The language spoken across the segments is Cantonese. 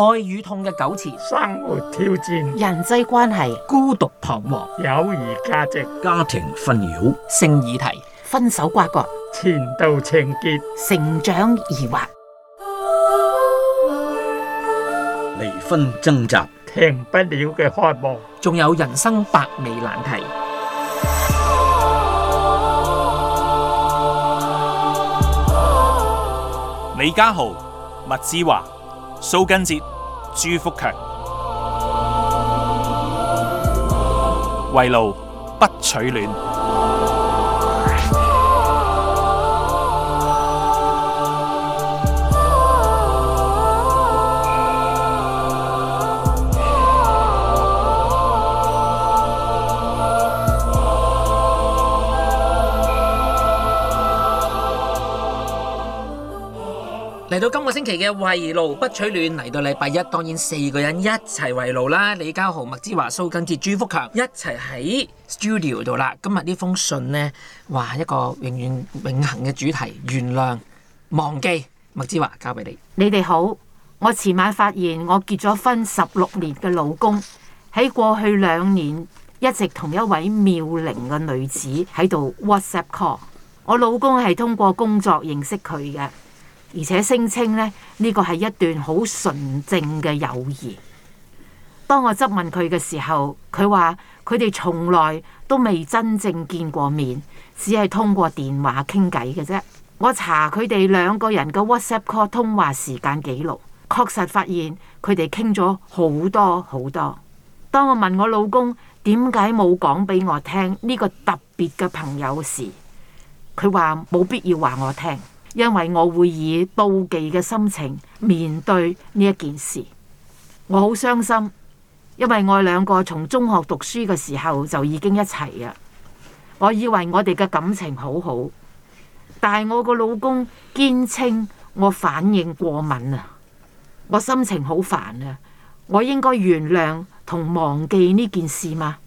愛與痛嘅糾纏，生活挑戰，人際關係，孤獨彷徨，友誼價值，家庭紛擾，性議題，分手瓜葛，前度情結，成長疑惑，離婚掙扎，停不了嘅渴望，仲有人生百味難題。李嘉豪，麥之華。Sooo 精選》朱福強，圍爐不取暖。嚟到今個星期嘅圍爐不取暖，嚟到禮拜一，當然四個人一齊圍爐啦。李嘉豪、麥之華、蘇根哲、朱福強一齊喺 studio 度啦。今日呢封信呢，話一個永遠永恒嘅主題：原諒、忘記。麥之華交俾你。你哋好，我前晚發現我結咗婚十六年嘅老公喺過去兩年一直同一位妙齡嘅女子喺度 WhatsApp call。我老公係通過工作認識佢嘅。而且聲稱呢，呢個係一段好純正嘅友誼。當我質問佢嘅時候，佢話佢哋從來都未真正見過面，只係通過電話傾偈嘅啫。我查佢哋兩個人嘅 WhatsApp call 通話時間記錄，確實發現佢哋傾咗好多好多。當我問我老公點解冇講俾我聽呢個特別嘅朋友時，佢話冇必要話我聽。因為我會以妒忌嘅心情面對呢一件事，我好傷心，因為我兩個從中學讀書嘅時候就已經一齊啊。我以為我哋嘅感情好好，但係我個老公堅稱我反應過敏啊。我心情好煩啊，我應該原諒同忘記呢件事嗎？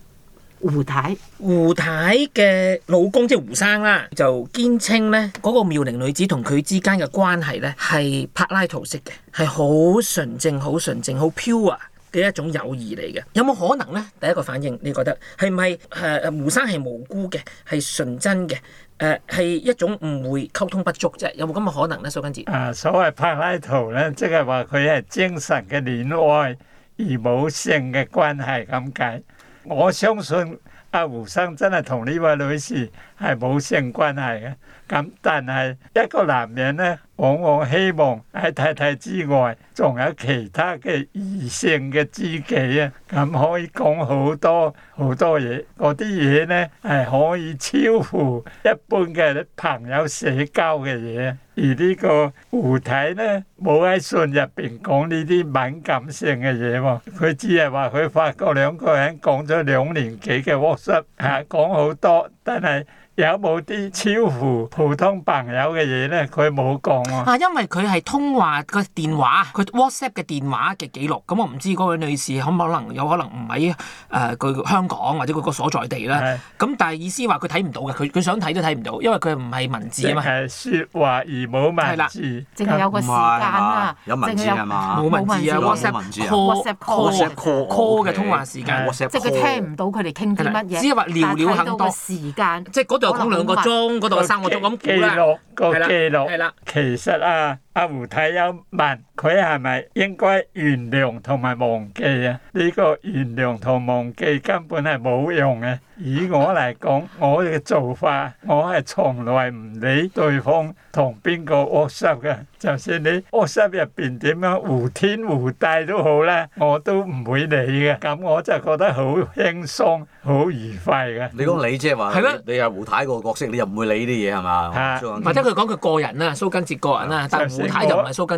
胡太，胡太嘅老公即係胡生啦，就堅稱呢嗰個妙齡女子同佢之間嘅關係呢係柏拉圖式嘅，係好純正、好純正、好 pure 嘅一種友誼嚟嘅。有冇可能呢？第一個反應你覺得係唔係誒，胡生係無辜嘅，係純真嘅？誒，係一種誤會、溝通不足啫。有冇咁嘅可能呢？蘇根哲啊，所謂柏拉圖呢，即係話佢係精神嘅戀愛而冇性嘅關係咁解。我相信阿胡生真係同呢位女士係冇性關係嘅，啊。咁但係一個男人咧。往往希望喺太太之外，仲有其他嘅異性嘅知己啊！咁可以講好多好多嘢，嗰啲嘢咧係可以超乎一般嘅朋友社交嘅嘢。而呢個胡太咧，冇喺信入邊講呢啲敏感性嘅嘢喎。佢只係話佢發覺兩個人講咗兩年幾嘅 WhatsApp 吓，講好多但係。有冇啲超乎普通朋友嘅嘢咧？佢冇講啊。啊，因為佢係通話個電話，佢 WhatsApp 嘅電話嘅記錄。咁我唔知嗰位女士可唔可能有可能唔喺誒佢香港或者佢個所在地咧。咁但係意思話佢睇唔到嘅，佢佢想睇都睇唔到，因為佢唔係文字啊嘛。説話而冇文字，淨係有個時間啊，有文字係嘛？冇文字，WhatsApp call。Call call call call 嘅通話時間，WhatsApp。即係佢聽唔到佢哋傾啲乜嘢。只係話聊聊下多時間，即係就講兩個鐘嗰度三個鐘咁記估啦。係啦，其實啊。阿胡太有問佢係咪應該原諒同埋忘記啊？呢個原諒同忘記根本係冇用嘅。以我嚟講，我嘅做法，我係從來唔理對方同邊個 Whatsapp 嘅。就算你 Whatsapp 入邊點樣胡天胡地都好咧，我都唔會理嘅。咁我就覺得好輕鬆，好愉快嘅、就是嗎。你講你即係話，你係胡太個角色，你又唔會理啲嘢係嘛？啊嗯、或者佢講佢個人啊，蘇根哲個人啊，但 就是又唔係，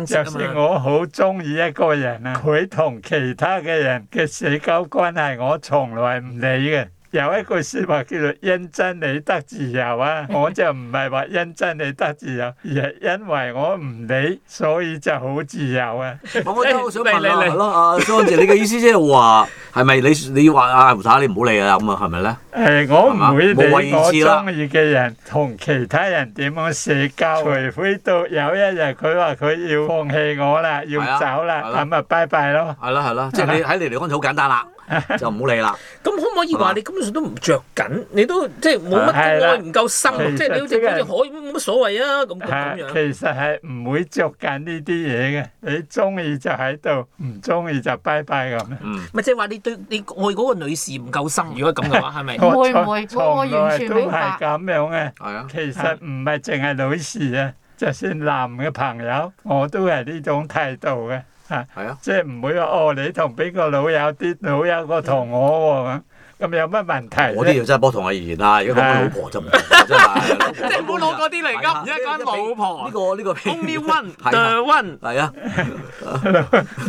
就算我好中意一個人啊！佢 同其他嘅人嘅社交關係，我從來唔理嘅。有一句説話叫做「因真理得自由」啊！我就唔係話因真理得自由，而係因為我唔理，所以就好自由啊！我真係想問啊，莊子，你嘅意思即係話係咪你你要話阿胡太你唔好理啊？咁啊，係咪咧？誒，我唔會理我中意嘅人同其他人點樣社交，除非到有一日佢話佢要放棄我啦，要走啦，咁啊拜拜咯！係啦係啦，即係你喺你嚟講就好簡單啦。就唔好理啦。咁可唔可以話你根本上都唔着緊？你都即係冇乜愛唔夠深，即係你好似好冇乜所謂啊咁咁樣。其實係唔會着緊呢啲嘢嘅。你中意就喺度，唔中意就拜拜咁。咪即係話你對你愛嗰個女士唔夠深。如果咁嘅話，係咪錯？完全都係咁樣嘅。係啊，其實唔係淨係女士啊，就算男嘅朋友我都係呢種態度嘅。啊，啊即係唔會話哦，你同邊個老友啲老友個同我咁、啊、咁有乜問題我都要真係波同阿賢啊，如果講老婆就唔得，即係唔好攞嗰啲嚟噶，而家講老婆。呢個呢個，Only one，the one，係啊，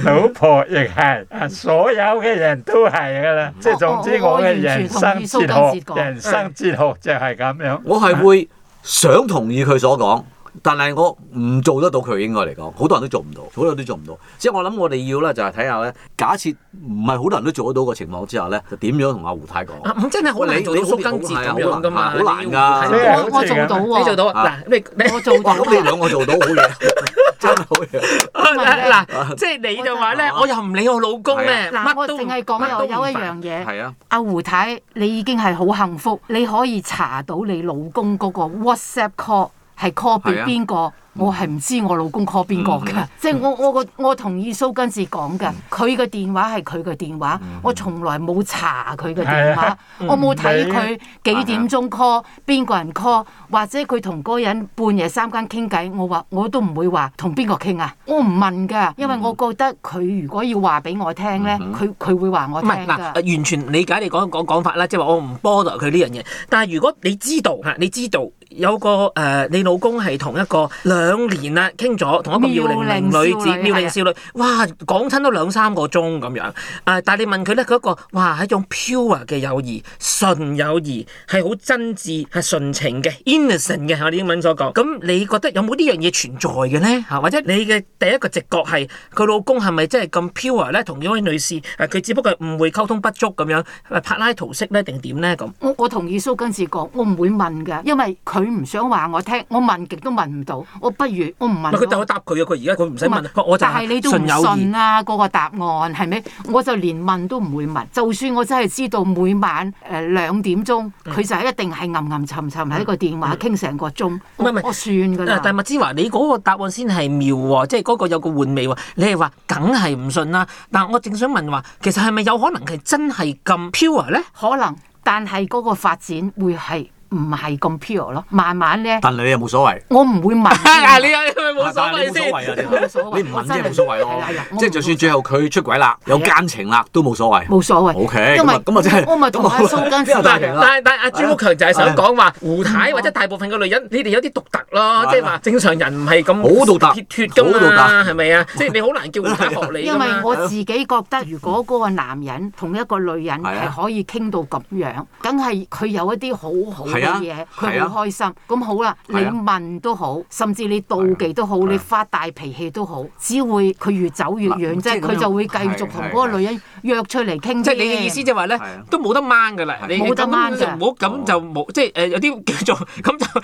老婆亦係，所有嘅人都係噶啦。即係 總之，我嘅人生哲學， 人生哲學就係咁樣。我係會想同意佢所講。但係我唔做得到佢應該嚟講，好多人都做唔到，好多人都做唔到。即係我諗，我哋要咧就係睇下咧。假設唔係好多人都做得到嘅情況之下咧，就點樣同阿胡太講？真係好，你做到縮根節咁樣㗎嘛？好難㗎！我做到你做到嗱，你我做到。你兩個做到好嘢，真係好嘢。嗱，即係你就話咧，我又唔理我老公咩？嗱，我淨係講有一樣嘢。係啊，阿胡太，你已經係好幸福，你可以查到你老公嗰個 WhatsApp call。係 call 俾邊個？我係唔知我老公 call 邊個嘅。mm hmm, 即係我我個我同意蘇根治講嘅，佢嘅、mm hmm. 電話係佢嘅電話，mm hmm. 我從來冇查佢嘅電話， 我冇睇佢幾點鐘 call 邊個 人 call，或者佢同嗰個人半夜三更傾偈，我話我都唔會話同邊個傾啊，我唔問㗎，因為我覺得佢如果要話俾我聽咧，佢佢、mm hmm. 會話我聽嗱、mm，hmm. 的完全理解你講講講法啦，即係話我唔 support 佢呢樣嘢。但係如果你知道嚇，你知道有個誒、呃、你老公係同一個 兩年啦，傾咗同一個妙齡女子、妙齡少女，哇的，講親都兩三個鐘咁樣。誒、啊，但係你問佢咧，佢一個哇係一種 pure 嘅友誼，純友誼係好真摯、係純情嘅 innocent 嘅，我哋英文所講。咁你覺得有冇呢樣嘢存在嘅咧？嚇、啊，或者你嘅第一個直覺係佢老公係咪真係咁 pure 咧？同呢位女士誒，佢、啊、只不過係誤會、溝通不足咁樣，係柏拉圖式咧，定點咧咁？我我同意蘇根治講，我唔會問㗎，因為佢唔想話我聽，我問極都問唔到我到。我不如我唔問。佢就去答佢問啊！佢而家佢唔使問。但係你都唔信啊嗰個答案係咪？我就連問都唔會問。就算我真係知道每晚誒、呃、兩點鐘，佢、嗯、就一定係陰陰沉沉喺個電話傾成、嗯、個鐘。我算㗎啦。但係麥芝華，你嗰個答案先係妙喎、啊，即係嗰個有個玩味喎、啊。你係話梗係唔信啦、啊。但我正想問話，其實係咪有可能係真係咁 pure 咧？可能，但係嗰個發展會係。唔係咁 pure 咯，慢慢咧。但你又冇所謂。我唔會問，嗱你又冇所謂先。你唔問即係冇所謂咯，即係就算最後佢出軌啦，有奸情啦，都冇所謂。冇所謂。O K。咁啊咁係。我咪同阿方。但係但係阿朱福強就係想講話，胡太或者大部分嘅女人，你哋有啲獨特咯，即係話正常人唔係咁好獨特㗎嘛，係咪啊？即係你好難叫胡太學你。因為我自己覺得，如果嗰個男人同一個女人係可以傾到咁樣，梗係佢有一啲好好。啲嘢佢好開心，咁好啦。你問都好，甚至你妒忌都好，你發大脾氣都好，只會佢越走越遠。即係佢就會繼續同嗰個女人約出嚟傾偈。即係你嘅意思就係話咧，都冇得掹㗎啦。你冇得掹㗎。唔好咁就冇，即係誒有啲叫做咁就。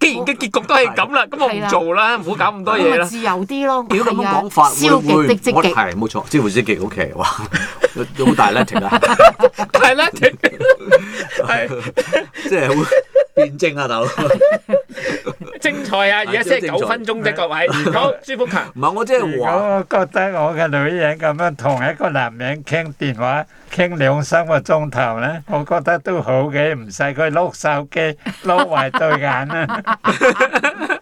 既然嘅結局都係咁啦，咁我唔做啦，唔好搞咁多嘢啦。自由啲咯，如果咁樣講法，消極積極係冇錯，消極積極 OK。哇，好大 letting 啊，係 letting，係即係。辯證 啊，大佬，精彩啊！ 而家先九分鐘啫， 各位。好， 朱福強，唔係 我即係我覺得我嘅女人咁樣同一個男人傾電話，傾兩三個鐘頭咧，我覺得都好嘅，唔使佢碌手機碌埋對眼，啊。啦。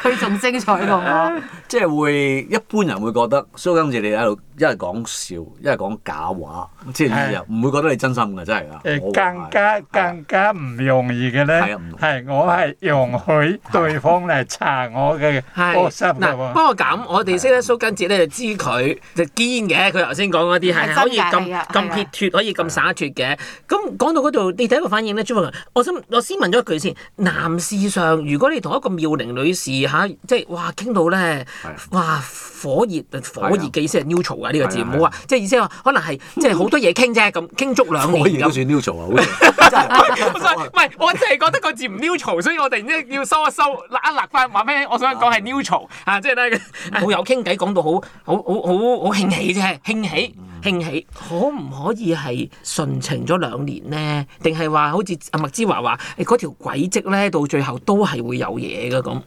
佢仲精彩過我，即係會一般人會覺得蘇根哲你喺度一係講笑，一係講假話，即係唔會覺得你真心嘅，真係啊！更加更加唔容易嘅咧，係我係容許對方嚟查我嘅。不過咁，我哋識得蘇根哲咧就知佢就堅嘅。佢頭先講嗰啲係可以咁咁撇脱，可以咁灑脱嘅。咁講到嗰度，你第一個反應咧，朱華，我想我先問咗佢先：男士上，如果你同一個妙齡女士。嚇、啊！即係哇，傾到咧，啊、哇，火熱，火熱嘅意思係 new 潮啊！呢、啊、個字唔好、啊啊、話，即係意思係話可能係即係好多嘢傾啫，咁傾足啦，火熱都算 new 潮啊！唔 係， 我就係覺得個字唔 new 潮，所以我突然之間要收一收，甩一甩翻話咩？我想講係 new 潮啊！即係咧，好有傾偈，講到好好好好好興起啫，興起。興起可唔可以係純情咗兩年咧？定係話好似阿麥之華話：誒嗰條軌跡咧，到最後都係會有嘢嘅咁。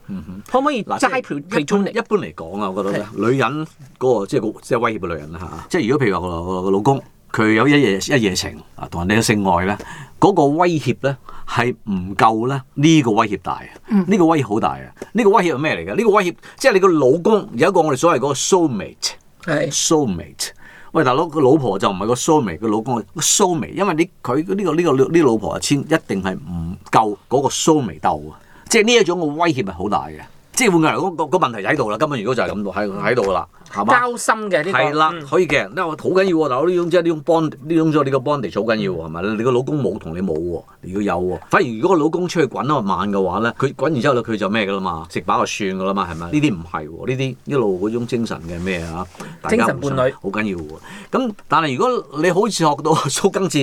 可唔可以？嗱齋譬如一般嚟講啊，我覺得女人嗰個即係即係威脅嘅女人啦即係如果譬如話個老公佢有一夜一夜情啊，同人哋嘅性愛咧，嗰個威脅咧係唔夠咧呢個威脅大啊！呢個威脅好大啊！呢個威脅係咩嚟嘅？呢個威脅即係你個老公有一個我哋所謂嗰個 soulmate，soulmate 喂，大佬，個老婆就唔係個蘇眉，個老公係個蘇眉，因為你佢呢、呢個呢、呢個呢、呢個呢個、老婆啊，籤一定係唔夠嗰個蘇眉鬥啊，即係呢一種嘅威脅係好大嘅，即係換句嚟講，個個問題就喺度啦，根本如果就係咁喺喺度啦。交心嘅呢啲係啦，的嗯、可以嘅。因為好緊要喎，嗱，呢種即係呢種 bond，呢種咗你、這個 b o n d y 好緊要喎，係咪？你個老公冇同你冇喎，你要有喎。反而如果個老公出去滾一晚嘅話咧，佢滾完之後咧，佢就咩嘅啦嘛，食飽就算嘅啦嘛，係咪？呢啲唔係喎，呢啲一路嗰種精神嘅咩啊？大家精神伴侶好緊要喎。咁但係如果你好似學到蘇根治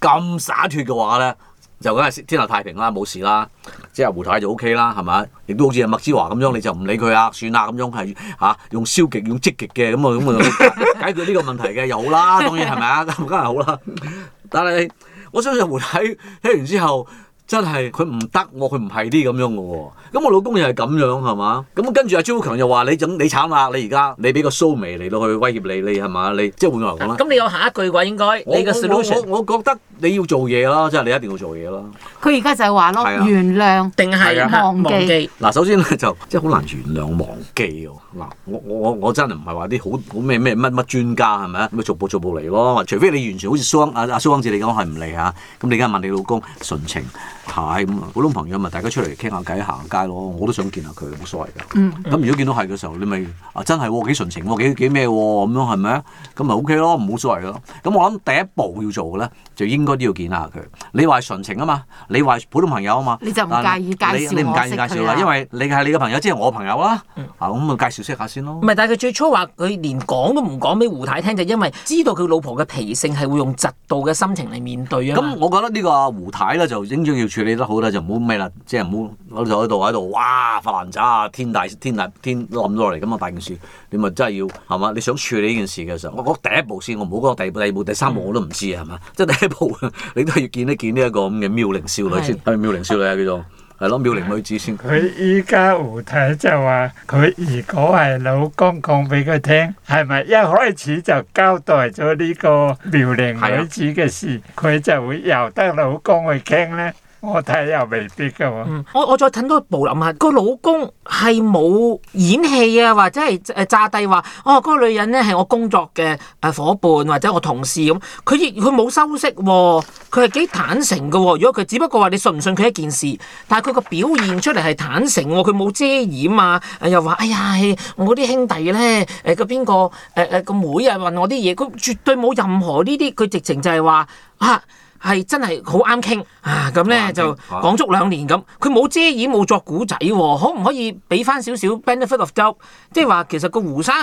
咁灑脱嘅話咧？就梗係天下太平啦，冇事啦，即係胡太就 O、OK、K 啦，係咪？亦都好似阿麥子華咁樣，你就唔理佢啊，算啦咁樣，係、啊、嚇用消極用積極嘅咁啊咁解決呢個問題嘅有 啦，當然係咪啊？咁梗係好啦。但係我相信胡太聽完之後，真係佢唔得，我佢唔係啲咁樣嘅喎、哦。咁我老公又係咁樣係嘛？咁跟住阿 j 超強又話：你、你慘啦？你而家你俾個蘇眉嚟到去威脅你，你係嘛？你即係換句話講啦。咁你有下一句話？應該你嘅 solution，我覺得。你要做嘢咯，即係你一定要做嘢咯。佢而家就係話咯，的原諒定係忘記。嗱，首先咧就即係好難原諒忘記喎。嗱，我我我我真係唔係話啲好好咩咩乜乜專家係咪啊？咁咪逐步逐步嚟咯。除非你完全好似蘇安阿阿蘇安智你咁係唔理嚇，咁你而家問你老公純情。係咁啊，普通朋友咪大家出嚟傾下偈、行下街咯。我都想見下佢，冇所謂㗎。咁、嗯嗯、如果見到係嘅時候，你咪啊真係幾、哦、純情喎、哦，幾咩喎咁樣係咪啊？咁咪、哦、OK 咯，冇所謂咯。咁我諗第一步要做嘅咧，就應該都要見下佢。你話純情啊嘛，你話普通朋友啊嘛。你就唔介意介紹我，你唔介意介紹㗎，因為你係你嘅朋友，即係我朋友啦、啊。嗯。啊，咁咪介紹識下先咯。唔係，但係佢最初話佢連講都唔講俾胡太聽，就因為知道佢老婆嘅脾性係會用嫉妒嘅心情嚟面對啊。咁我覺得呢個胡太咧就應該要。處理得好啦，就唔好咩啦，即係唔好老實喺度喺度，哇！發爛渣啊，天大天大天冧咗落嚟咁啊！大件事，你咪真係要係嘛？你想處理呢件事嘅時候，我講第一步先我唔好講，第二步、第三步我都唔知啊，係嘛？即係第一步，你都係要見一見呢一個咁嘅妙齡少女先。係妙齡少女啊叫做，係攞妙齡女子先。佢依家胡太就話：佢如果係老公講俾佢聽，係咪一開始就交代咗呢個妙齡女子嘅事，佢就會由得老公去傾咧？我睇又未必噶嘛、啊嗯。我我再揾多部諗下個老公係冇演戲啊，或者係誒詐帝話哦，嗰、那個女人咧係我工作嘅誒夥伴或者我同事咁，佢亦佢冇修飾喎、啊，佢係幾坦誠噶喎、啊。如果佢只不過話你信唔信佢一件事，但係佢個表現出嚟係坦誠喎、啊，佢冇遮掩啊。又話哎呀，我啲兄弟咧誒個邊個誒誒個妹啊問我啲嘢，佢絕對冇任何呢啲，佢直情就係話啊。係真係好啱傾啊！咁呢就講足兩年咁，佢冇、啊、遮掩冇作古仔喎，可唔可以俾翻少少 benefit of doubt？即係話其實個胡生。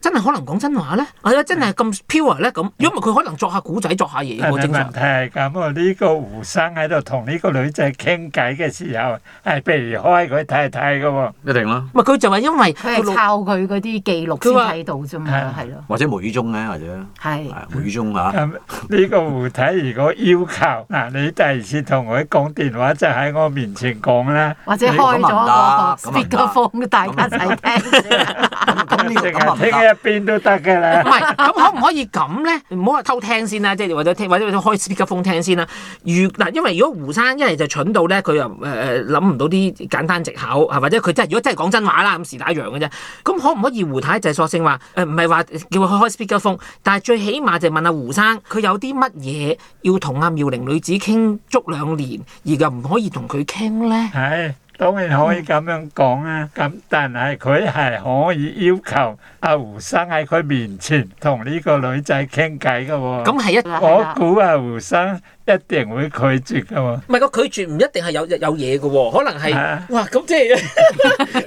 真係可能講真話咧，係啊！真係咁 pure 咧咁，如果佢可能作下古仔，作下嘢。個問題係咁啊！呢、這個胡生喺度同呢個女仔傾偈嘅時候，係避開佢睇睇嘅喎。一定咯、啊。唔佢就話因為佢係抄佢嗰啲記錄先睇到啫嘛，係咯的的。或者無意中咧，或者。係。無意中啊。呢個胡太如果要求嗱， 你第二次同我講電話就喺我面前講咧。或者開咗個 speakerphone、哦，大家一齊聽。呢成日喺一邊都得嘅啦。唔係，咁 可唔可以咁咧？唔好話偷聽先啦，即係或者聽，或者開 speakerphone 聽先啦。如嗱，因為如果胡生一係就蠢到咧，佢又誒誒諗唔到啲簡單藉口，係或者佢真係如果真係講真話啦，咁是打烊嘅啫。咁可唔可以胡太就索性話誒，唔係話叫佢開 speakerphone，但係最起碼就問阿胡生，佢有啲乜嘢要同阿妙齡女子傾足兩年，而又唔可以同佢傾咧？係。當然可以咁樣講啊，咁、嗯、但係佢係可以要求阿胡生喺佢面前同呢個女仔傾偈嘅喎。嗯、我估阿胡生。一定會拒絕㗎喎。唔係個拒絕唔一定係有有嘢㗎喎，可能係哇咁即係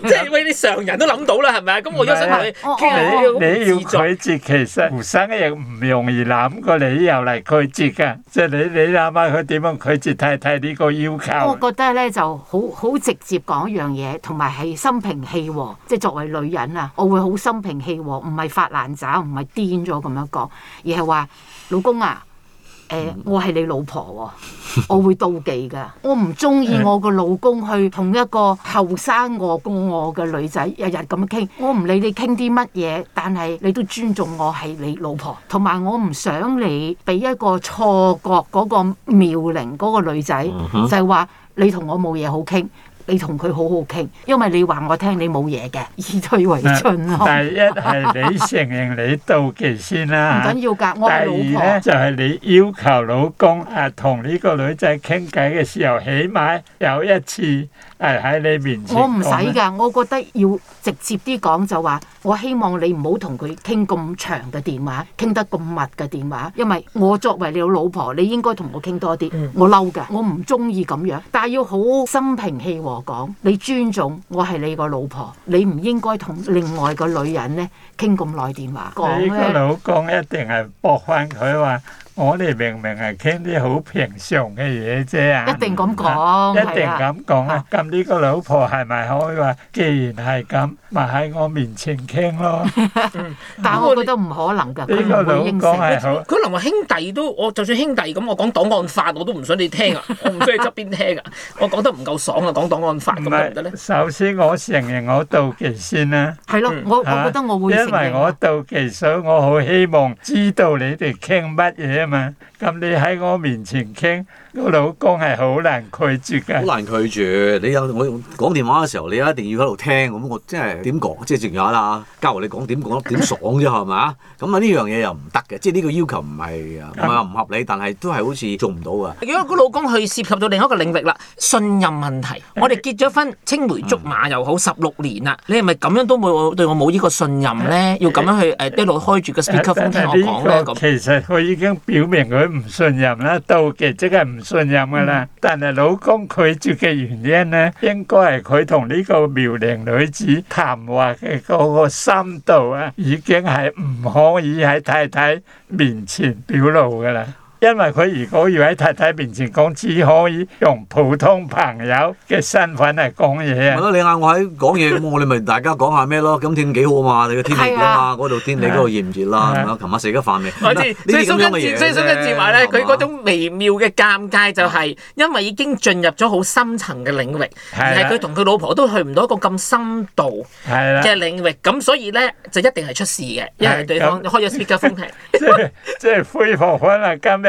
即係因為你常人都諗到啦，係咪啊？咁我而家想問你，你你要拒絕，其實胡生一樣唔容易諗個理由嚟拒絕㗎，即係你你諗下佢點樣拒絕？睇睇呢個要求。我覺得咧就好好直接講一樣嘢，同埋係心平氣和，即係作為女人啊，我會好心平氣和，唔係發爛渣，唔係癲咗咁樣講，而係話老公啊。誒、欸，我係你老婆喎、哦， 我會妒忌㗎，我唔中意我個老公去同一個後生過我嘅女仔日日咁傾，我唔理你傾啲乜嘢，但係你都尊重我係你老婆，同埋我唔想你俾一個錯覺嗰個妙齡嗰個女仔，uh huh. 就係話你同我冇嘢好傾。你同佢好好傾，因為你話我聽你冇嘢嘅，以退為進 第一係你承認你妒忌先啦、啊，唔緊要㗎。我第二咧就係、是、你要求老公啊，同呢個女仔傾偈嘅時候，起碼有一次。誒喺你面前，我唔使㗎，我覺得要直接啲講，就話我希望你唔好同佢傾咁長嘅電話，傾得咁密嘅電話，因為我作為你老婆，你應該同我傾多啲、嗯，我嬲㗎，我唔中意咁樣，但係要好心平氣和講，你尊重我係你個老婆，你唔應該同另外個女人咧傾咁耐電話講咧。你個老公一定係駁翻佢話。我哋明明係傾啲好平常嘅嘢啫啊！一定咁講，一定咁講啊！咁呢個老婆係咪可以話？既然係咁，咪喺我面前傾咯。但係我覺得唔可能㗎。呢個老講係好，可能話兄弟都，我就算兄弟咁，我講檔案法我都唔想你聽啊！我唔想你側邊聽啊！我講得唔夠爽啊！講檔案法咁又唔得咧？首先我承認我妒忌先啦。係咯，我我覺得我會因為我妒忌，所以我好希望知道你哋傾乜嘢。咁你喺我面前傾。個老公係好難拒絕嘅，好難拒絕。你有我講電話嘅時候，你一定要喺度聽。咁我即係點講，即係仲有啦，交和你講點講點爽啫，係咪？咁啊呢樣嘢又唔得嘅，即係呢個要求唔係唔係話唔合理，但係都係好似做唔到嘅。如果個老公佢涉及到另一個領域啦，信任問題，我哋結咗婚青梅竹馬又好，十六年啦，你係咪咁樣都冇對我冇呢個信任咧？要咁樣去誒一路開住個 speakerphone 聽我講咧？咁其實佢已經表明佢唔信任啦，到嘅即係。信任噶啦，嗯、但係老公拒絕嘅原因咧、啊，應該係佢同呢個妙齡女子談話嘅嗰個深度啊，已經係唔可以喺太太面前表露噶啦。因為佢如果要喺太太面前講，只可以用普通朋友嘅身份嚟講嘢啊！咁你嗌我喺講嘢，咁我哋咪大家講下咩咯？咁天幾好嘛？你個天氣點啊嘛？嗰度天你嗰度熱唔熱啦？係咪啊？琴日食咗飯未？呢啲咁樣嘅嘢咧，佢嗰種微妙嘅尷尬就係因為已經進入咗好深層嘅領域，而係佢同佢老婆都去唔到一個咁深度嘅領域。咁所以咧就一定係出事嘅，因為對方開咗 speaker 風笛。即係即係灰常可能咁樣。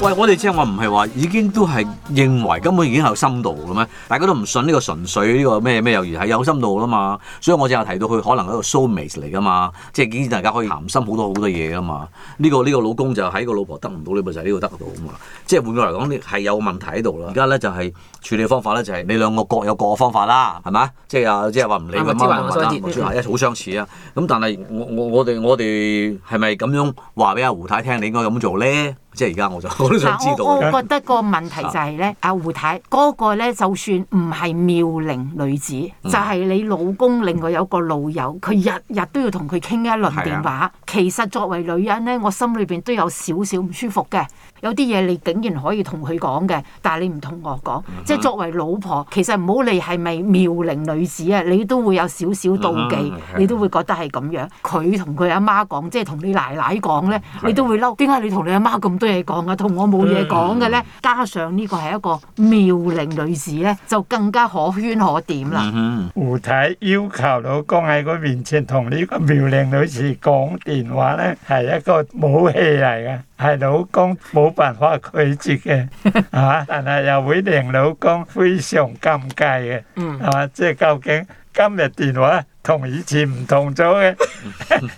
喂，我哋即係話唔係話已經都係認為根本已經係有深度嘅咩？大家都唔信呢個純粹呢個咩咩友誼係有深度噶嘛？所以我就提到佢可能係一個 s h o w 嚟噶嘛，即係建議大家可以談心好多好多嘢噶嘛。呢個呢個老公就喺個老婆得唔到，你咪就喺呢度得到噶嘛。即係換句話嚟講，你係有問題喺度啦。而家咧就係處理方法咧就係你兩個各有各嘅方法啦，係咪？即係啊，即係話唔理佢乜嘢啦。好相似啊。咁但係我我我哋我哋係咪咁樣話俾阿胡太聽？你應該咁做咧？即係而家我就我都想知道、啊、我，我覺得個問題就係、是、咧，阿、 啊、胡太嗰、那個咧，就算唔係妙齡女子，嗯、就係你老公另外有個老友，佢日日都要同佢傾一輪電話。啊、其實作為女人咧，我心裏邊都有少少唔舒服嘅。有啲嘢你竟然可以同佢講嘅，但係你唔同我講，即係作為老婆，其實唔好理係咪妙齡女子啊，你都會有少少妒忌，你都會覺得係咁樣。佢同佢阿媽講，即係同你奶奶講咧，你都會嬲。點解你同你阿媽咁多嘢講啊？同我冇嘢講嘅咧，加上呢個係一個妙齡女子咧，就更加可圈可點啦。胡太要求老公喺佢面前同呢個妙齡女士講電話咧，係一個武器嚟嘅。係老公冇辦法拒絕嘅，係嘛？但係又會令老公非常尷尬嘅，係嘛？即係究竟。今日電話同以前唔同咗嘅，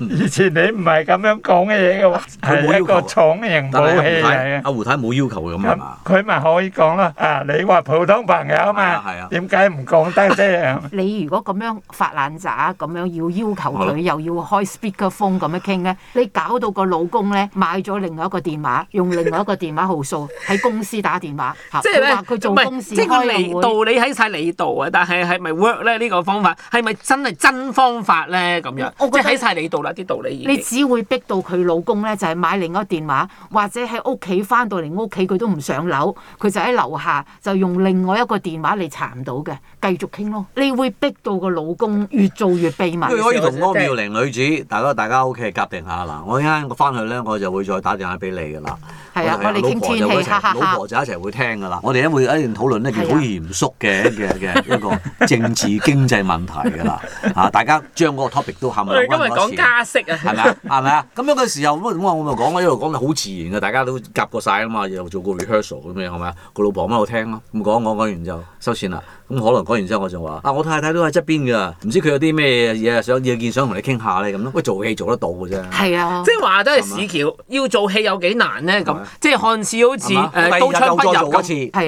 以前你唔係咁樣講嘅嘢嘅話，係一個重型武器嚟嘅。阿胡太冇要求嘅嘛，佢咪可以講咯啊！你話普通朋友嘛，點解唔講得啫？你如果咁樣發爛渣，咁樣要要求佢，又要開 speakerphone 咁樣傾咧，你搞到個老公咧買咗另外一個電話，用另外一個電話號數喺公司打電話，即係咧唔係即係個嚟到，你喺晒你度啊！但係係咪 work 咧呢個方法？係咪真係真方法咧？咁樣，嗯、即係喺晒你度啦，啲道理。你只會逼到佢老公咧，就係、是、買另一個電話，或者喺屋企翻到嚟屋企，佢都唔上樓，佢就喺樓下就用另外一個電話嚟查唔到嘅，繼續傾咯。你會逼到個老公越做越秘密。佢可以同柯妙齡女子大家大家屋、OK，企夾定下嗱，我一陣我翻去咧，我就會再打電話俾你㗎啦。係啊，我老婆就一齊，哈哈哈哈老婆就一齊會聽㗎啦。我哋咧會一定討論呢件好嚴肅嘅嘅嘅一個政治經濟問題㗎啦。 啊，大家將嗰個 topic 都喊埋。我哋今日講加息啊，係咪啊？係咪啊？咁樣嘅時候，我我我咪講咯，一路講得好自然㗎，大家都夾過晒啊嘛。又做過 rehearsal 咁樣，係咪啊？個老婆喺度聽咯，唔講我講完就收線啦。咁可能講完之後，我就話：啊，我太太都喺側邊㗎，唔知佢有啲咩嘢想意見想同你傾下咧咁咯。喂做戲做得到嘅啫，係啊，即係話都係屎橋。要做戲有幾難咧？咁即係看似好似誒刀槍不入，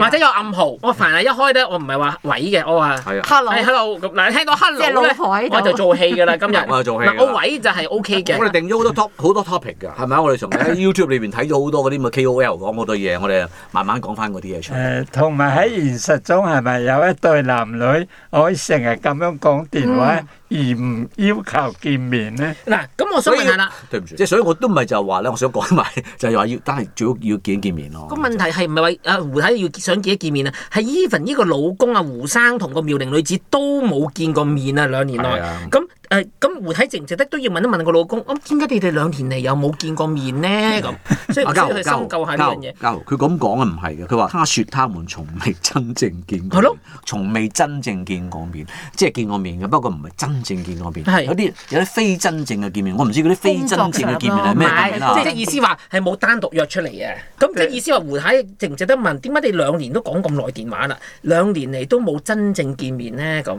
或者有暗號。我凡係一開咧，我唔係話位嘅，我話 hello，hello。嗱，你聽到 hello 我就做戲㗎啦。今日我係做戲。我位就係 O K 嘅。我哋定咗好多 top 好多 topic 㗎，係咪？我哋從喺 YouTube 裏邊睇咗好多嗰啲咁嘅 K O L 講好多嘢，我哋慢慢講翻嗰啲嘢出嚟。同埋喺現實中係咪有一？對男女，我成日咁樣講電話。嗯而唔要求見面呢？嗱咁我想問下啦，對唔住，即係所以我都唔係就話咧，我想講埋就係話要，但係最好要見一見面咯。個問題係唔係話阿胡太要想見一見面啊？係 Even 呢個老公阿胡生同個妙靚女子都冇見過面啊！兩年內，咁誒咁胡太值唔值得都要問一問個老公？咁點解你哋兩年嚟有冇見過面呢？咁，所以我覺得去深究下呢樣嘢。佢咁講啊，唔係嘅，佢話他說他們從未真正見，係咯，從未真正見過面，即係見過面嘅，不過唔係真。真正見過面，有啲有啲非真正嘅見面，我唔知嗰啲非真正嘅見面係咩啦。即係意思話係冇單獨約出嚟嘅。咁即意思話，胡太值唔值得問？點解你兩年都講咁耐電話啦？兩年嚟都冇真正見面咧？咁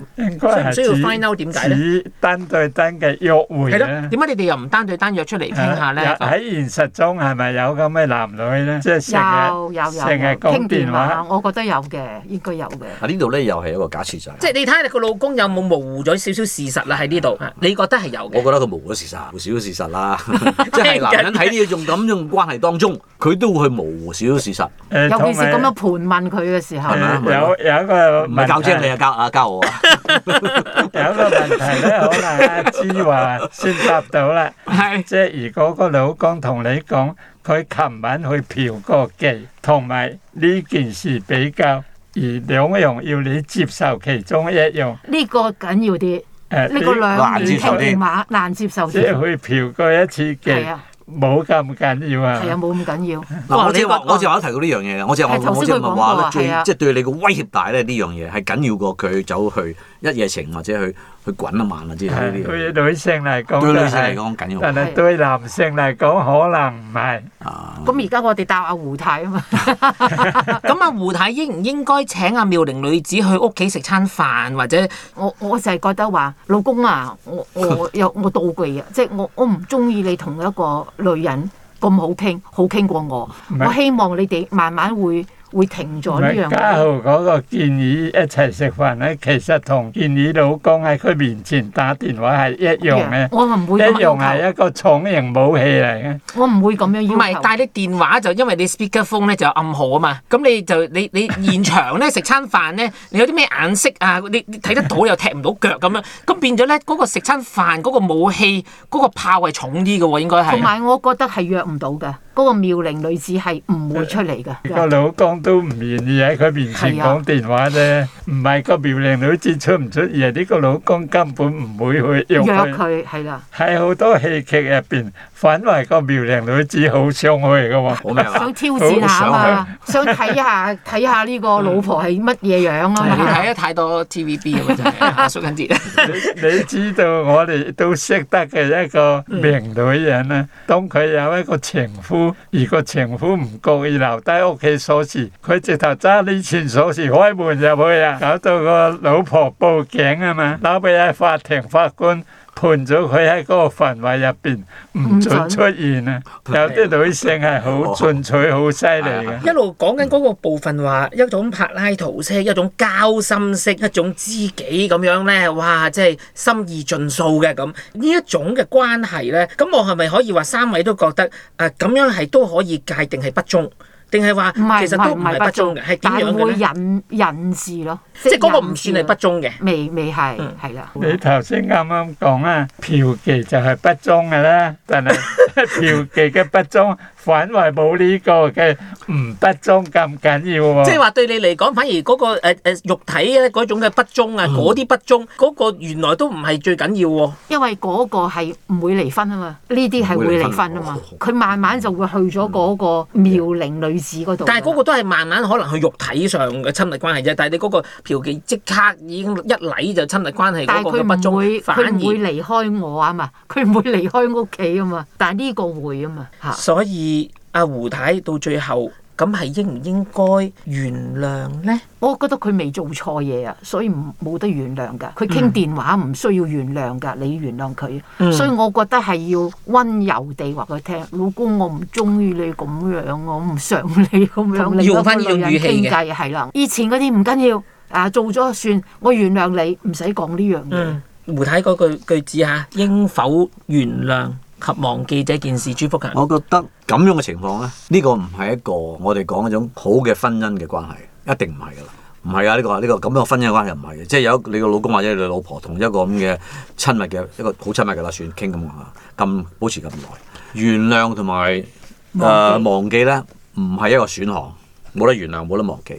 需唔需要 find out？點解咧？單對單嘅約會啦。點解你哋又唔單對單約出嚟傾下咧？喺現實中係咪有咁嘅男女咧？有，有有傾電話，我覺得有嘅，應該有嘅。呢度咧又係一個假設就即係你睇下你個老公有冇模糊咗少少事事實啦喺呢度，你覺得係有？我覺得個模糊事實，模糊少少事實啦。即係男人喺呢種咁樣，關係當中，佢都會去模糊少少事實。尤其是咁樣盤問佢嘅時候，有有一個唔係教精，你啊教啊教我啊。有一個問題咧，可能阿芝華先答到啦。係即係如果個老公同你講，佢琴晚去嫖個妓，同埋呢件事比較，而兩樣要你接受其中一樣，呢個緊要啲。誒，難接受啲，難接受啲。即係可以嫖過一次嘅，冇咁緊要啊。係啊，冇咁緊要。嗱， 我我我之前我提到呢樣嘢，我之前我我之前話咧，最啊、即係對你嘅威脅大咧，呢樣嘢係緊要過佢走去，一夜情或者去去滾一晚啊，之類呢啲。對女，性對女性嚟講，對女性嚟講緊要對，但係是對男性嚟講可能唔係。咁而家我哋答阿胡太啊嘛。咁 阿 胡太應唔應該請阿妙齡女子去屋企食餐飯？或者我我就係覺得話，老公啊，我我有我妒忌啊，即係 我我唔中意你同一個女人咁好傾，好傾過我。是我希望你哋慢慢會。會停咗呢樣。嘉豪嗰個建議一齊食飯咧，其實同建議老公喺佢面前打電話係一樣嘅。Yeah。我唔會咁樣。一樣係一個重型武器嚟嘅。我唔會咁樣要求。唔係，帶啲電話就因為你 speakerphone 咧就有暗號啊嘛。咁你就你你現場咧食餐飯咧，你有啲咩眼色啊？你睇得到又踢唔到腳咁樣。咁變咗咧，嗰個食餐飯嗰個武器嗰個炮係重啲嘅喎，應該係。同埋我覺得係約唔到嘅，嗰個妙齡女子係唔會出嚟嘅。 個老公。都唔願意喺佢面前講電話啫，唔係個妙齡女子出唔出嘢？呢個老公根本唔會去約佢，係啦。喺好多戲劇入邊，反為個妙齡女子好想去噶喎，想挑戰下啊，想睇下睇下呢個老婆係乜嘢樣啊？你睇得太多 TVB 啊，縮緊啲。你知道我哋都識得嘅一個名女人啦，當佢有一個情夫，而個情夫唔覺意留低屋企鎖匙。佢直頭揸啲錢鎖匙開門入去啊，搞到個老婆報警啊嘛，後尾喺法庭法官判咗佢喺嗰個範圍入邊唔准出現啊。有啲女性係好進取、好犀利嘅。一路講緊嗰個部分話，一種柏拉圖式、一種交心式、一種知己咁樣咧，哇，即係心意盡訴嘅咁呢一種嘅關係咧。咁我係咪可以話三位都覺得誒咁樣係都可以界定係不忠？定係話其實都唔係不忠嘅？但係會隱隱示咯，即係嗰個唔算係不忠嘅，未未係係啦。嗯、的你頭先啱啱講啊，嫖妓就係不忠嘅啦，但係 嫖妓嘅不忠。揾埋冇呢個嘅唔不忠咁緊要喎，即係話對你嚟講，反而嗰個誒誒肉體嘅嗰種嘅不忠啊，嗰啲不忠，嗰個原來都唔係最緊要喎。因為嗰個係唔會離婚啊嘛，呢啲係會離婚啊嘛。佢慢慢就會去咗嗰個妙齡女子嗰度。但係嗰個都係慢慢可能去肉體上嘅親密關係啫。但係你嗰個嫖妓即刻已經一禮就親密關係嗰個嘅不忠，佢唔會離開我啊嘛，佢唔會離開屋企啊嘛。但係呢個會啊嘛嚇，所以。阿胡太到最後咁係應唔應該原諒咧？我覺得佢未做錯嘢啊，所以唔冇得原諒噶。佢傾電話唔需要原諒噶，嗯、你原諒佢。所以我覺得係要溫柔地話佢聽，嗯、老公我唔中意你咁樣，我唔想你咁樣。你用翻呢種語氣嘅，係啦。以前嗰啲唔緊要，啊做咗算，我原諒你，唔使講呢樣嘢。胡太嗰句句子吓，應否原諒？及忘記這件事，朱福強。我覺得咁樣嘅情況咧，呢、呢個唔係一個我哋講一種好嘅婚姻嘅關係，一定唔係噶啦。唔係啊，呢、呢個呢、呢個咁樣嘅婚姻關係唔係嘅，即係有你個老公或者你老婆同一個咁嘅親密嘅一個好親密嘅啦，算傾咁啊，咁保持咁耐，原諒同埋誒忘記咧，唔係、呃、一個選項，冇得原諒，冇得忘記，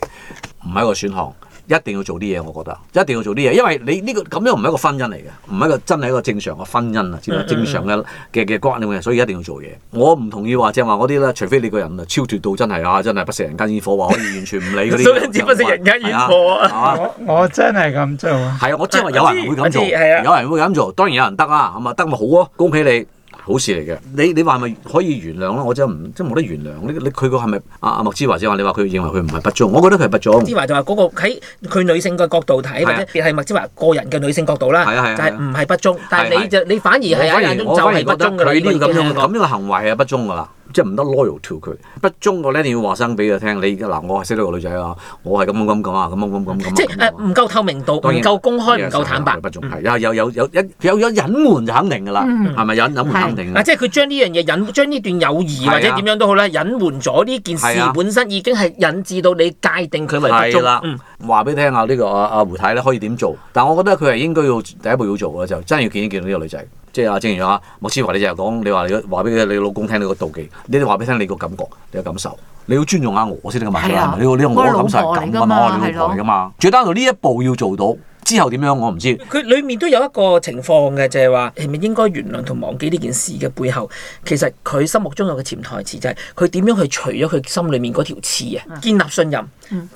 唔係一個選項。一定要做啲嘢，我覺得一定要做啲嘢，因為你呢、這個咁樣唔係一個婚姻嚟嘅，唔係一個真係一個正常嘅婚姻啊，知唔知、嗯、正常嘅嘅嘅關係，所以一定要做嘢。我唔同意話即係話嗰啲啦，除非你個人啊超脱到真係啊，真係不食人間煙火，話可以完全唔理嗰啲。所以，只不食人間煙火啊！我真係咁做啊！話係啊！我即係話有人會咁做，有人會咁做、啊、做，當然有人得啊，係咪得咪好啊？恭喜你！好事嚟嘅，你你話咪可以原諒咯？我真唔真冇得原諒。你你佢個係咪阿阿麥芝華先話，你話佢認為佢唔係不忠，我覺得佢係不忠。麥芝華就話嗰個喺佢女性嘅角度睇，或者係麥芝華個人嘅女性角度啦，就係唔係不忠。但係你就你反而係眼中就係不忠嘅啦。咁呢個嘅行為係不忠㗎啦。即係唔得 loyal to 佢不忠個咧，一定要話聲俾佢聽。你嗱，我係識得個女仔啊，我係咁咁咁講啊，咁咁咁咁。即係誒，唔樣夠透明度，唔然夠公開，唔夠坦白，不忠係有有有有有有隱瞞就肯定㗎啦，係咪隱隱瞞就肯定啊，啊？即係佢將呢樣嘢隱，將呢段友誼或者點樣都好啦，隱瞞咗呢件事本身已經係引致到你界定佢為不忠。話俾你聽下呢個阿阿胡太咧，可以點做？但我覺得佢係應該要第一步要做嘅，就真要見一見呢個女仔。即係阿正如啊，莫千華你就講，你話你話俾你，你老公聽你個妒忌，你哋話俾聽你個感覺，你嘅感受，你要尊重下我先得嘅嘛。係啊，你你我嘅感受係咁啊嘛，你嘅感受噶嘛。最緊要呢一步要做到。之後點樣我唔知。佢裡面都有一個情況嘅，就係話係咪應該原諒同忘記呢件事嘅背後，其實佢心目中有個潛台詞就係佢點樣去除咗佢心裡面嗰條刺啊？建立信任，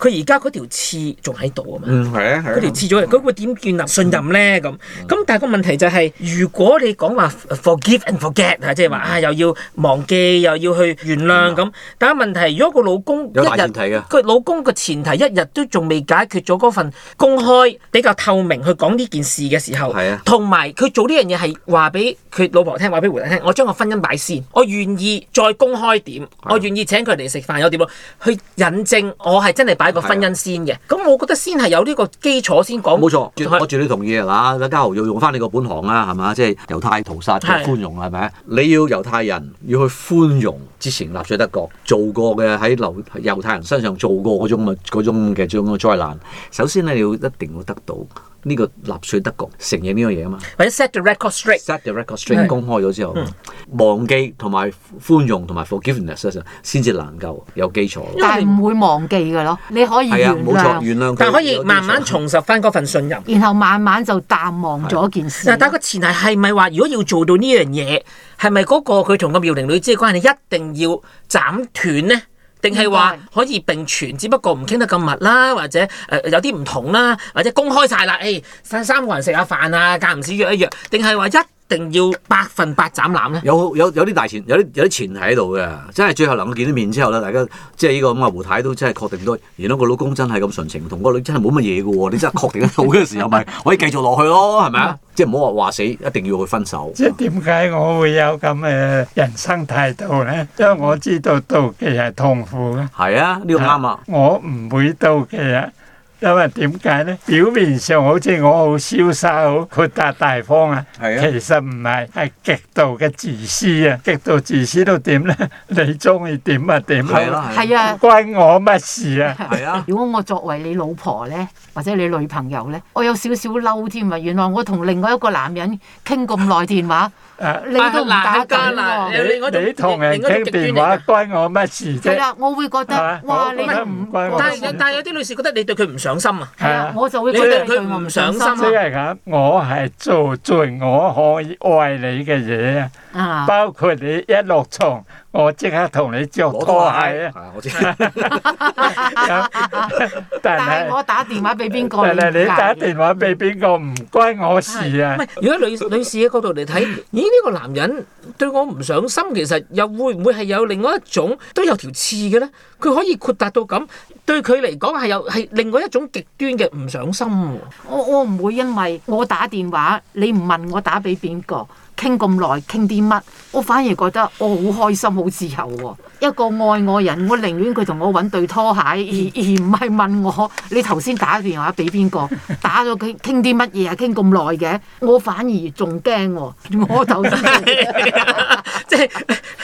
佢而家嗰條刺仲喺度啊嘛。嗯，嗰、啊啊啊、條刺咗，佢會點建立信任呢？咁咁，嗯、但係個問題就係、係，如果你講話 forgive and forget、嗯、啊，即係話啊又要忘記，又要去原諒咁，嗯、但係問題如果個老公一日，佢老公個前提一日都仲未解決咗嗰份公開比較。透明去講呢件事嘅時候，同埋佢做呢樣嘢係話俾佢老婆聽，話俾胡太聽，我將個婚姻擺先，我願意再公開點，啊、我願意請佢哋食飯又點，去引證我係真係擺個婚姻先嘅。咁、啊、我覺得先係有呢個基礎先講。冇錯，我絕對同意啊，嚇！家豪要用翻你個本行啦，係嘛？即、就、係、是、猶太屠殺，寬容係咪、啊？你要猶太人要去寬容之前納粹德國做過嘅喺猶猶太人身上做過嗰種咁嘅嗰嘅種災難。首先你要一定要得到。呢個納粹德國承認呢個嘢啊嘛，或者 set the record straight，set the record straight 是公開咗之後，嗯、忘記同埋寬容同埋 forgiveness 先至能夠有基礎，但係唔會忘記㗎咯，你可以，係啊，冇錯，原諒佢，但係可以慢慢重拾翻嗰份信任，慢慢信任然後慢慢就淡忘咗件事。但係個前提係咪話，是是如果要做到呢樣嘢，係咪嗰個佢同個妙齡女之間關係一定要斬斷呢？定係話可以並存，只不過唔傾得咁密啦，或者誒、呃、有啲唔同啦，或者公開晒啦，誒、欸、三三個人食下飯啊，間唔時約一約，定係話一一定要百分百斬纜咧？有有有啲大錢，有啲有啲錢喺度嘅，真係最後能夠見到面之後咧，大家即係呢個咁啊，胡太都真係確定到，原來個老公真係咁純情，同個女真係冇乜嘢嘅喎，你真係確定得到嘅時候，咪 可以繼續落去咯，係咪啊？ 即係唔好話話死，一定要去分手。即係點解我會有咁嘅人生態度咧？因為我知道妒忌係痛苦嘅。係啊，呢個啱啊。 我唔會妒忌啊。因為點解咧？表面上好似我好瀟灑、好豁達、大方啊，係啊，其實唔係，係極度嘅自私啊！極度自私到點咧？你中意點咪點咯？係啊，啊啊關我乜事啊？係啊！啊如果我作為你老婆咧，或者你女朋友咧，我有少少嬲添啊！原來我同另外一個男人傾咁耐電話。 誒，你同大家啦，你同人傾電話關我乜事啫？係啦，我會覺得哇，你乜？但係有，但係有啲女士覺得你對佢唔上心啊！係啊，我就會覺得佢唔上心。即係咁，我係做盡我可以愛你嘅嘢啊！包括你一落牀，我即刻同你著拖鞋啊！但係我打電話俾邊個？但係你打電話俾邊個唔關我事啊？唔係，如果女女士喺嗰度嚟睇，咦？呢個男人對我唔上心，其實又會唔會係有另外一種都有條刺嘅呢？佢可以豁達到咁，對佢嚟講係有係另外一種極端嘅唔上心喎。我我唔會因為我打電話，你唔問我打俾邊個。傾咁耐，傾啲乜？我反而覺得我好開心，好自由喎。哦。一個愛我人，我寧願佢同我揾對拖鞋，而而唔係問我你頭先打電話俾邊個，打咗佢傾啲乜嘢啊？傾咁耐嘅，我反而仲驚喎。我頭先，即係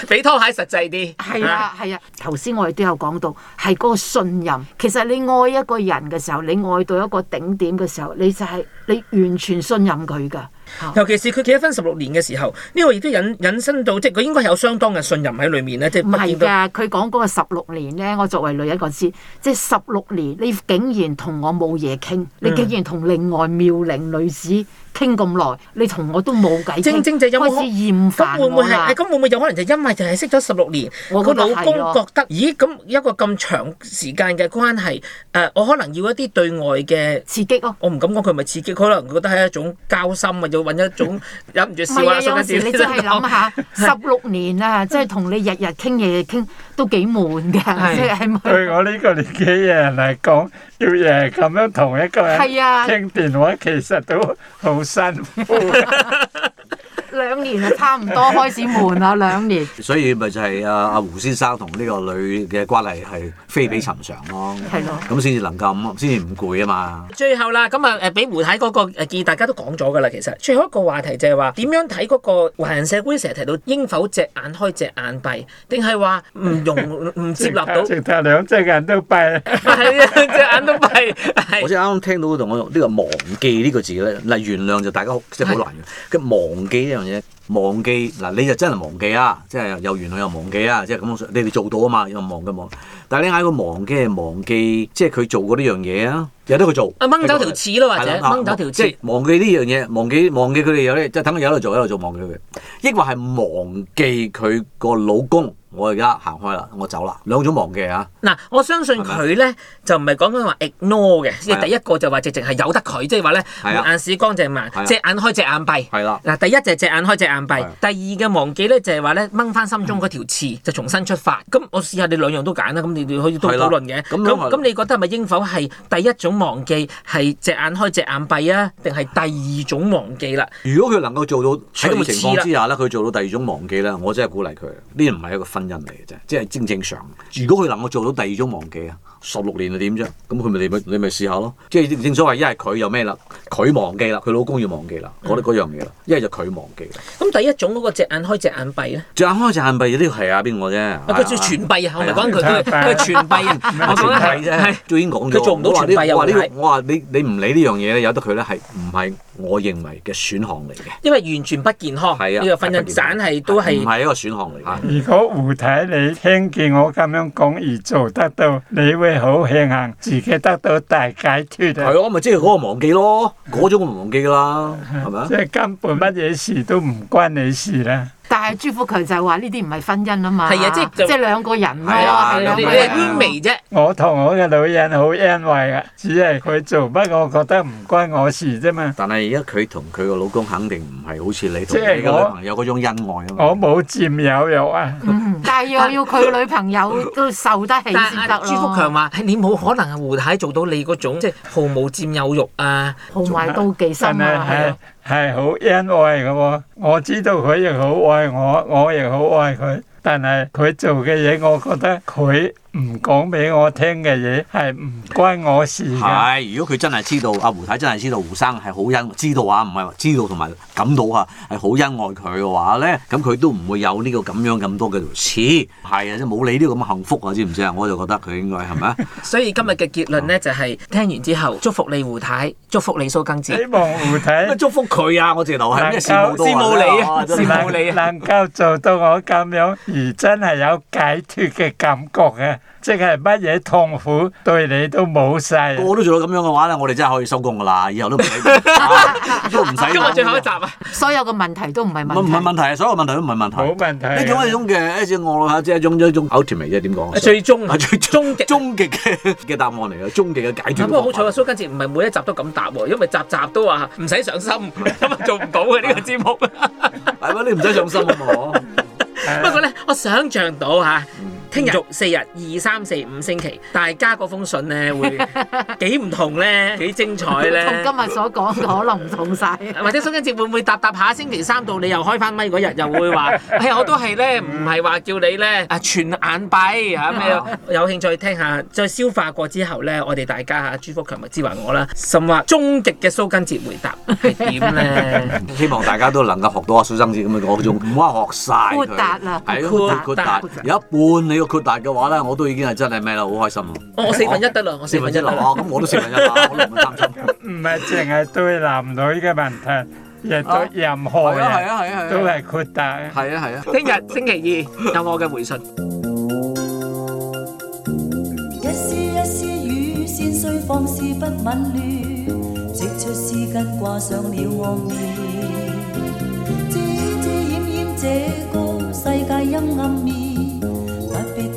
比拖鞋實際啲。係啊係啊，頭先、啊啊、我哋都有講到，係嗰個信任。其實你愛一個人嘅時候，你愛到一個頂點嘅時候，你就係你完全信任佢噶。尤其是佢結咗婚十六年嘅時候，呢個亦都引引申到，即係佢應該有相當嘅信任喺裏面咧。即係唔係㗎？佢講嗰個十六年咧，我作為女人個知，即係十六年你，你竟然同我冇嘢傾，你竟然同另外妙齡女子。嗯傾咁耐，你同我都冇計有，有開始厭煩㗎嘛？咁、嗯、會唔會，會，會有可能就因為就係識咗十六年，個老公覺得，咦？咁一個咁長時間嘅關係，誒、呃，我可能要一啲對外嘅刺激咯、哦。我唔敢講佢咪刺激，佢可能覺得係一種交心啊，要揾一種忍唔 住嘗嘗笑想想下。嗰時你真係諗下，十六年啊，即係同你日日傾，夜夜傾。都幾悶㗎，即係 對我呢個年紀嘅人嚟講，要日日咁樣同一個人傾電話，啊、其實都好辛苦。 兩年啊，差唔多開始悶啦，兩年。所以咪就係阿阿胡先生同呢個女嘅關係係非比尋常咯。係咯，咁先至能夠咁，先至唔攰啊嘛。最後啦，咁啊誒，俾胡太嗰個建議大家都講咗噶啦，其實最後一個話題就係話點樣睇嗰個華人社會成日提到應否隻眼開隻眼閉，定係話唔容唔接納到？淨係兩隻眼都閉。係啊，隻眼都閉。我即係啱啱聽到同我呢個忘記呢個字咧，嗱，原諒就大家即係好難嘅，跟忘記啊。忘記，嗱，你就真係忘記啊！即係又原諒又忘記啊！即係咁你哋做到啊嘛又忘記忘，但係你嗌佢忘記忘記，忘記忘記即係佢做過呢樣嘢啊！有得佢做啊，掹走條刺咯，或者掹走條刺即係忘記呢樣嘢，忘記忘記佢哋有咧，就等佢有喺度做喺度做，忘記佢，抑或係忘記佢個老公。我而家行開啦，我走啦。兩種忘記啊！嗱，我相信佢咧就唔係講緊話 ignore 嘅，即係第一個就話直情係由得佢，即係話咧眼屎乾淨盲，隻眼開隻眼閉。係啦，嗱，第一就係隻眼開隻眼閉。第二嘅忘記咧就係話咧掹翻心中嗰條刺，就重新出發。咁我試下你兩樣都揀啦，咁你你可以都討論嘅。咁咁，你覺得係咪應否係第一種忘記係隻眼開隻眼閉啊？定係第二種忘記啦？如果佢能夠做到喺咁嘅情況之下咧，佢做到第二種忘記咧，我真係鼓勵佢。呢唔係一個婚姻嚟嘅啫，即係正正常。如果佢能夠做到第二種忘記啊。十六年就點啫？咁佢咪你咪你咪試下咯。即係正所謂一係佢就咩啦，佢忘記啦，佢老公要忘記啦，嗰啲嗰樣嘢啦。一係就佢忘記。咁第一種嗰個隻眼開隻眼閉咧？隻眼開隻眼閉，啲係啊邊個啫？佢全閉啊！我咪講佢，佢全閉。我講係啫。終於講佢做唔到全閉又我話你，你唔理呢樣嘢咧，由得佢咧，係唔係我認為嘅選項嚟嘅？因為完全不健康。係啊。呢個婚姻散係都係。唔係一個選項嚟㗎。如果胡太你聽見我咁樣講而做得到，你會？你好慶幸自己得到大解脫啊！係我咪即係嗰個忘記咯，嗰種咪忘記噶啦，係咪啊？即係根本乜嘢事都唔關你事啦。但係朱福強就係話呢啲唔係婚姻啊嘛，係啊，即係即係兩個人，係啊，你係恩愛啫。我同我嘅女人好恩愛嘅，只係佢做，不過我覺得唔關我事啫嘛。但係而家佢同佢個老公肯定唔係好似你同你嘅女朋友嗰種恩愛啊嘛。我冇佔有欲啊，但係又要佢女朋友都受得起先得。朱福強話：你冇可能係胡太做到你嗰種，即係毫無佔有欲啊，同埋妒忌心啊。係好恩愛嘅、哦、我知道佢又好愛我，我也好愛佢，但係佢做嘅嘢，我覺得佢。唔講俾我聽嘅嘢係唔關我的事。係如果佢真係知道阿胡太真係知道胡生係好恩知道啊，唔係話知道同埋感到啊，係好恩愛佢嘅話咧，咁佢都唔會有呢、這個咁樣咁多嘅刺。係啊，即冇你呢個咁幸福啊，知唔知啊？我就覺得佢應該係咪啊？ 所以今日嘅結論咧就係、是、聽完之後，祝福你胡太，祝福你蘇更捷，希望胡太。 祝福佢啊？我直頭係羨慕你，羨慕你，能夠做到我咁樣而真係有解脫嘅感覺啊！即係乜嘢痛苦對你都冇晒，我都做到咁樣嘅話咧，我哋真係可以收工噶啦，以後都唔使，都唔使。今日最後一集，所有嘅問題都唔係問題，唔係問題，所有問題都唔係問題，冇問題。呢種一種嘅一種即係一種一種 outlet 嚟啫，點講？最終係最終極終極嘅嘅答案嚟嘅，終極嘅解決。不過好彩啊，蘇家杰唔係每一集都咁答喎，因為集集都話唔使上心，咁日做唔到嘅呢個節目。係咩？你唔使上心啊？嘛。不過咧，我想象到吓。聽日四日二三四五星期，大家嗰封信咧會幾唔同咧，幾精彩咧？同今日所講可能唔同晒。或者蘇根節會唔會答答下？星期三到你又開翻咪嗰日又會話，係我都係咧，唔係話叫你咧全眼閉啊咩？有興趣聽下，再消化過之後咧，我哋大家啊，朱福強咪支援我啦，甚或終極嘅蘇根節回答係點咧？希望大家都能夠學到阿蘇根節咁嘅嗰種，唔好學晒。「豁達啦，係豁達，有一半你。擴大嘅話咧，我都已經係真係咩啦，好開心啊！我四分一得啦，我四分一啦，哇！咁我都四分一啦，好唔好擔心？唔係，淨係對男女嘅問題，亦都任何人都係擴大。係啊係啊，聽日星期二有我嘅回信。一絲一絲雨線雖放肆不紊亂，織出絲巾掛上了黃葉，遮遮掩掩這個世界陰暗面。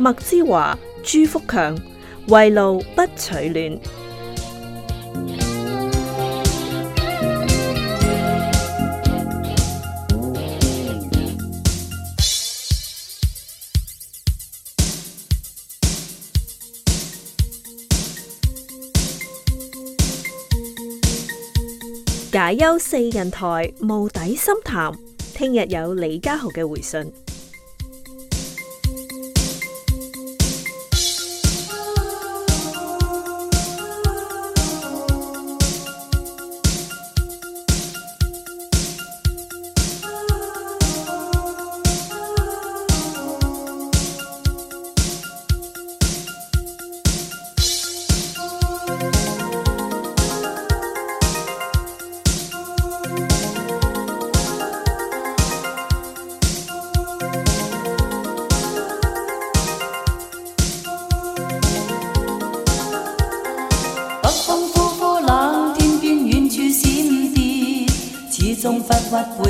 麥之華，朱福強，圍爐不取暖。解憂四人台，無底深潭。聽日有李家豪嘅回信。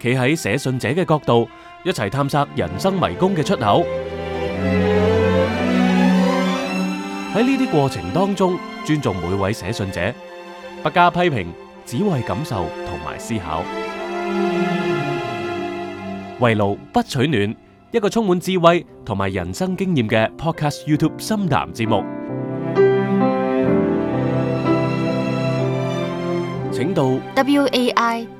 企喺寫信者嘅角度，一齊探索人生迷宮嘅出口。喺呢啲過程當中，尊重每位寫信者，不加批評，只為感受同埋思考。圍爐不取暖，一個充滿智慧同埋人生經驗嘅 Podcast YouTube 深談節目，請到 WAI。